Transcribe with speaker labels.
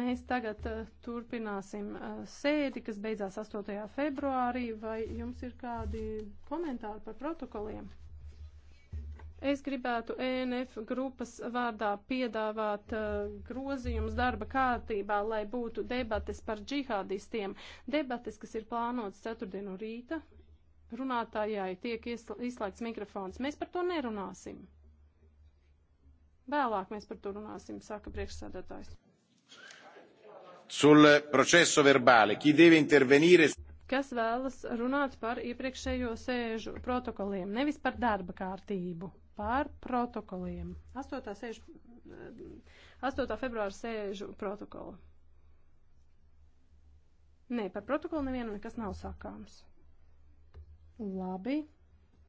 Speaker 1: Mēs tagad uh, turpināsim uh, sēdi, kas beidzās 8. februārī. Vai jums ir kādi komentāri par protokoliem? Es gribētu ENF grupas vārdā piedāvāt uh, grozījums darba kārtībā, lai būtu debates par džihādistiem. Debates, kas ir plānotas ceturtdienu rīta, runātājai tiek izslēgts mikrofons. Mēs par to nerunāsim. Vēlāk mēs par to runāsim, saka priekšsēdētājs
Speaker 2: sul processo verbale. Chi deve intervenire?
Speaker 1: Kas vēlas runāt par iepriekšējo sēžu protokoliem, nevis par darba kārtību, par protokoliem. 8. Sēžu, 8. februāra sēžu protokolu. Nē, par protokolu nevienam nekas nav sākāms. Labi.